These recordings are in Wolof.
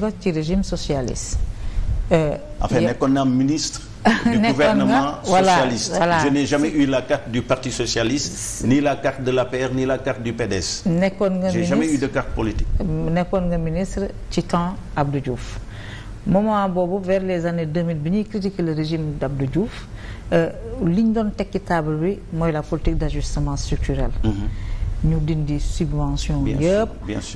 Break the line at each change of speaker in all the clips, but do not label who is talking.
nga ci régime socialiste. Euh, enfin nekkoon na am ministre. du gouvernement voilà, la
carte du parti la carte de la carte du PDS
nekkoon nga j'ai jamais eu nekkoon nga ministre ci temps Abdou Diouf moment boobu vers les années 2000 bi ñuy critiquer le régime d'Abdou Diouf euh, li ñu doon tekki table bi mooy la politique d'ajustement structurel mhm. ñu di subvention yëpp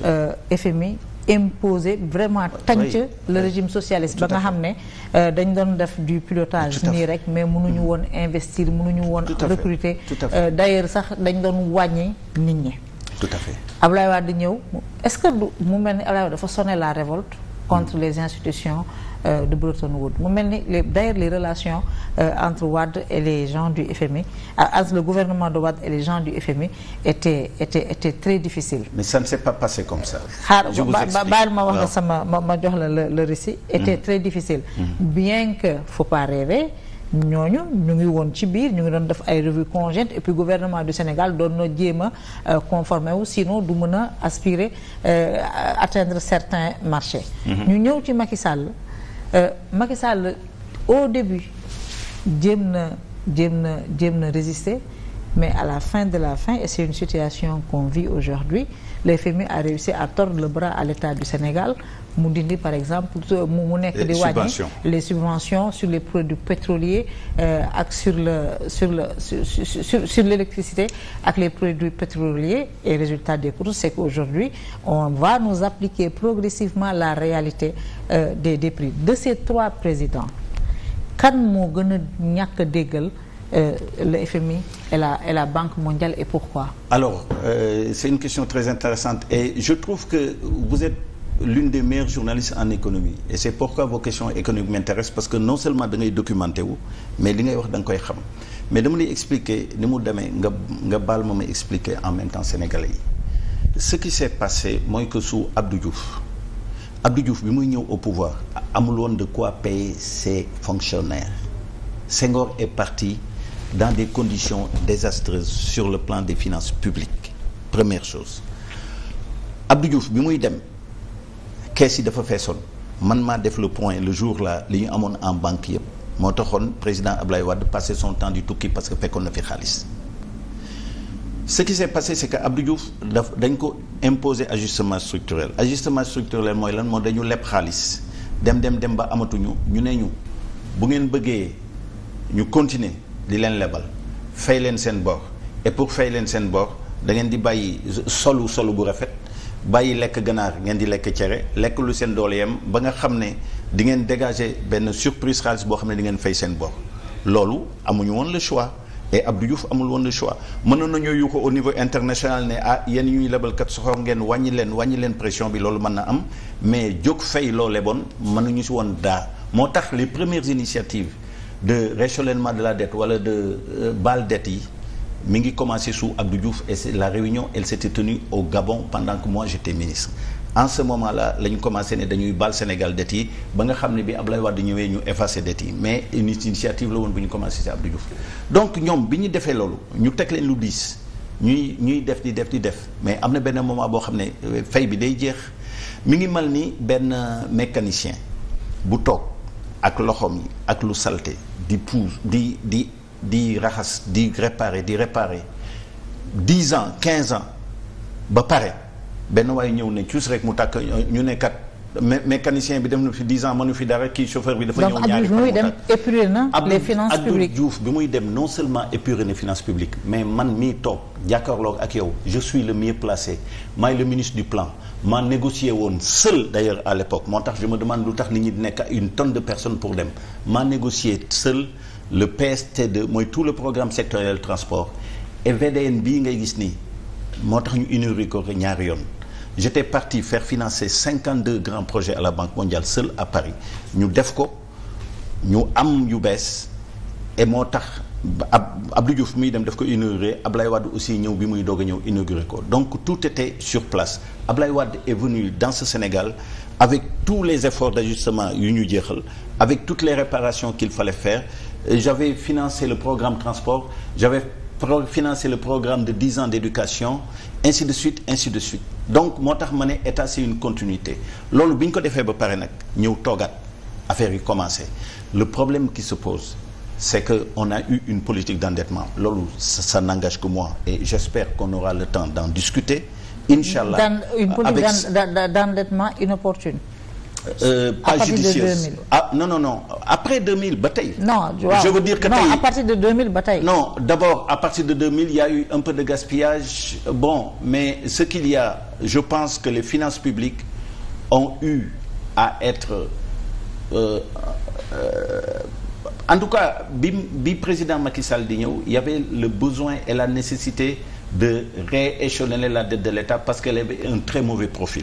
euh, FMI imposer vraiment tànc le régime socialiste ba nga xam ne euh, dañ doon def du pilotage nii rek mais mënuñu mm-hmm. woon investir mënuñu woon recruter euh, d'ailleurs sax dañ doon wàññi nit ñi tout à fait Ablaye Wade ñëw est-ce que du mu mel ni Ablaye Wade dafa sone la révolte contre mm. les institutions Euh, de Bretton Woods mu mel ni les d'ailleurs relations euh, entre Wade et les gens du FMI euh, entre le gouvernement de Wade et les gens du FMI étaient étaient étaient très difficiles. mais ça ne s'est pas passé comme ça. je vous explique xaar ma wax la sama ma ma jox la le le récit. était mm-hmm. très difficile. Mm-hmm. bien que faut pas rêver. ñooñu ñu ngi woon ci biir ñu ngi doon def ay revues conjointes et puis gouvernement du Sénégal doon na jéema a wu sinon du mën a aspirer atteindre certains marchés. Mm-hmm. ñu ñëw ci Macky Sall. Euh, Macky Sall au début jéem na jéem na jéem na résister mais à la fin de la fin et c'est une situation qu'on vit aujourd'hui le FMI a réussi à tordre le bras à l'État du Sénégal mu dindi par exemple mu nekk di wàññi les subventions sur les produits pétroliers euh, ak sur le sur le sur sur l'électricité ak les produits pétroliers et résultat des courses c'est qu'aujourd'hui on va nous appliquer progressivement la réalité euh, des des prix de ces trois présidents kan moo gën a ñàkk a euh, le FMI et la, et la Banque mondiale et pourquoi
Alors, euh, c'est une question très intéressante et je trouve que vous êtes l'une des meilleures journalistes en économie et c'est pourquoi vos questions économiques m'intéressent parce que non seulement da ngay documenté wu mais li ngay wax da nga koy xam mais dama lay expliquer ni mu demee nga nga baal ma ma expliquer en même temps sénégalais yi ce qui s'est passé mooy que sous Abdou Diouf Abdou Diouf bi muy ñëw au pouvoir amul woon de quoi payer ses fonctionnaires Senghor est parti dans des conditions désastreuses sur le plan des finances publique première chose Abdou Diouf bi muy dem kees yi dafa feesoon man maa def le point le jour là li ñu amoon en banque yëpp moo taxoon président ab Wade passé son temps di tukki parce que fekkoon na fi xaalis ce qui s'est passé c'est que Abdou Diouf daf dañ ko imposer ajustement structurel ajustement structurel mooy lan moo dañu leb xaalis dem dem dem ba amatuñu ñu nee ñu bu ngeen bëggee ñu continuer di leen lebal fey leen seen bor et pour fay leen seen bor da ngeen di bàyyi solu solu bu rafet bàyyi lekk ganaar ngeen di lekk cere lekk lu seen doole yem ba nga xam ne di ngeen dégager benn surprise xaalis boo xam ne di ngeen fay seen bor loolu amuñu woon le choix et Abdou Diouf amul woon le choix mënoon nañoo yu ko au niveau international ne ah yéen ñuy lebalkat soxor ngeen wàññi leen wàññi leen pression bi loolu mën na am mais jóg fay loo leboon mënuñu si woon daa moo tax les premières initiatives de réchelonnement de la dette wala de euh, bal dette yi mu ngi commencé sous Abdou Diouf et la réunion elle s'était tenue au Gabon pendant que moi j'étais ministre en ce moment la ñu commencé ne dañuy bal Sénégal dette yi ba nga xam ne bi Abdoulaye Wade ñëwee ñu effacé dette yi mais une initiative la woon bu ñu commencé si Abdou Diouf donc ñoom bi ñu defee loolu ñu teg leen lu diis ñuy ñuy def di def di def mais am na benn moment boo xam ne euh, fay bi day jeex mi ngi mal ni benn euh, mécanicien bu toog ak loxoom yi ak lu salte di pousse di di di raxas di réparé di réparer dix ans quinze ans ba pare benn waaye ñëw ne cuus rek mu tàkk ñu nekkat mé mécanicien bi dem na fi 10 ans mënu fi dara kii chauffeur bi dafa ñëw ñaari fan. bi muy dem
épuré na les finances
publiques non seulement épuré na finances mais man mii toog jàkkaarloog ak yow je suis le mieux placé maay le ministre du plan maa négocié woon seul d' ailleurs à l' moo tax je ma demande lu tax nit ñi nekk une tonne de personnes pour dem maa négocié seul le PST2 mooy tout le programme sectoriel transport et VDN bii ngay gis nii moo tax ñu inauguré ko ñaari yoon. j'étais parti faire financer 52 grands projets à la Banque mondiale seul à Paris ñu def ko ñu am yu bees et moo tax Abdou Diouf muy dem def ko inauguré Ablaye Wade aussi ñëw bi muy doog a ñëw inauguré ko donc tout était sur place Ablaye Wade est venu dans ce Sénégal avec tous les efforts d'ajustement yu ñu jeexal avec toutes les réparations qu'il fallait faire j'avais financé le programme transport j'avais pro financer le programme de dix ans d'éducation ainsi de suite ainsi de suite donc moo tax ma ne état une continuité loolu bi ñu ko defee ba pare nag ñëw toogaat affaire yi commencé le problème qui se pose c'est que on a eu une politique d'endettement loolu ça, ça n'engage que moi et j'espère qu'on aura le temps d'en discuter Inch'Allah, dans une politique
avec... d'endettement inopportune
Euh, pas judicieuse ah non non non après 2000 ba tey. non waaw je veux dire que tey non à
partir de 2000 ba tey. non
d' abord à partir de 2000 il y a eu un peu de gaspillage bon mais ce qu'il y a je pense que les finances publiques ont eu à être euh, euh, en tout cas bi bi président Macky Sall di ñëw il y avait le besoin et la nécessité de rééchelonner la dette de l'État parce qu'elle avait un très mauvais profil.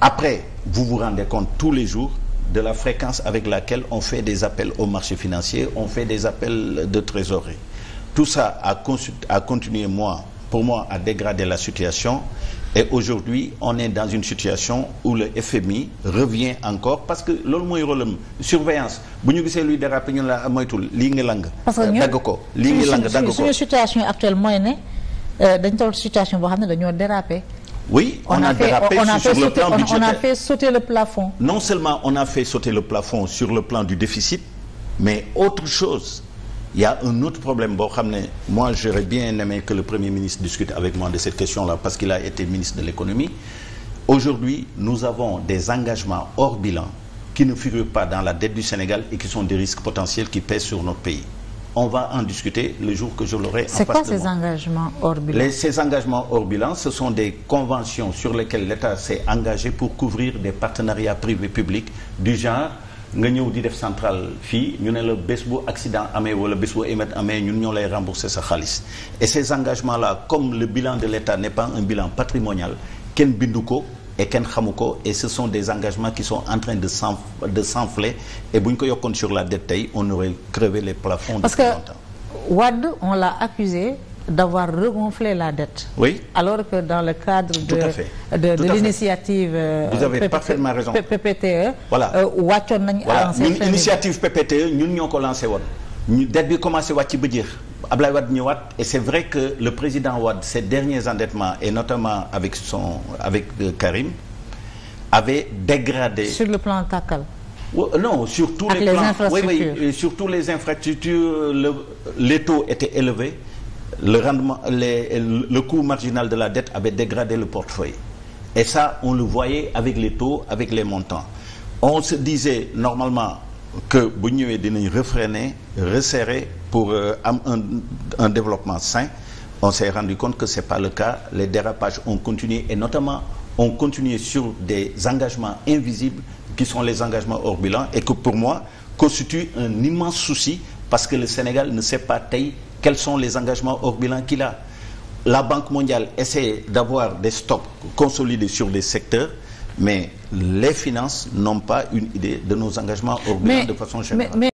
après vous vous rendez compte tous les jours de la fréquence avec laquelle on fait des appels au marché financier on fait des appels de trésorerie tout ça a a continué moi pour moi à dégrader la situation et aujourd'hui on est dans une situation où le FMI revient encore parce que loolu mooy rôlam surveillance bu ñu gisee luy déraper ñu la ah, moytul lii ngi lang euh, dagg ko lii ngi lang dagg ko
situation actuelle mooy ne euh, dañ toll situation boo xam ne dañoo déraper
Oui, on, on a, a fait, dérapé on a sur, fait sur sauter, le plan budgétaire. On a
fait sauter le plafond.
Non seulement on a fait sauter le plafond sur le plan du déficit, mais autre chose. Il y a un autre problème boo xam ne moi j'aurais bien aimé que le Premier ministre discute avec moi de cette question-là parce qu'il a été ministre de l'économie. Aujourd'hui, nous avons des engagements hors bilan qui ne figurent pas dans la dette du Sénégal et qui sont des risques potentiels qui pèsent sur notre pays. on va en discuter le jour que je l'aurai en face de moi. C'est ces
engagements hors bilan? Les,
ces engagements hors bilan, ce sont des conventions sur lesquelles l'État s'est engagé pour couvrir des partenariats privés-publics du genre nga ñëw di def centrale fii ñu ne la bés bu accident amee wala bés bu émet amee ñun ñoo lay rembourser sa xaalis et ces engagements là comme le bilan de l'État n'est pas un bilan patrimonial kenn bindu ko et kenn xamu ko et ce sont des engagements qui sont en train de s'en de s'enfler et bu ñu ko yokkoon sur la dette tey on aurait crevé les plafonds
parce que Wade on l'a accusé d'avoir regonflé la dette oui alors que dans le cadre de de, de l'initiative euh, vous avez PPT, e, parfaitement raison PPTE voilà euh, wàccoon nañu à ñun
initiative PPTE ñun ñoo ko lancé woon ñu dette bi commencé wàcc ba jeex Ablaye Wade ñëwaat et c'est vrai que le président Wade ses derniers endettements et notamment avec son avec euh, Karim avait dégradé sur
le plan tàkkal
euh, non sur tous les, les plans oui oui euh, sur tous les infrastructures le les taux étaient élevés le rendement les le coût marginal de la dette avait dégradé le portefeuille et ça on le voyait avec les taux avec les montants on se disait normalement que bu ñëwee dinañ refréner resserrer pour euh, am un un développement sain on s'est rendu compte que c'est pas le cas les dérapages ont continué et notamment ont continué sur des engagements invisibles qui sont les engagements hors bilan et que pour moi constitue un immense souci parce que le Sénégal ne sait pas tey quels sont les engagements hors bilan qu'il a la Banque mondiale essaie d'avoir des stocks consolidés sur des secteurs mais les finances n'ont pas une idée de nos engagements ordinaires de façon générale. Mais,
mais,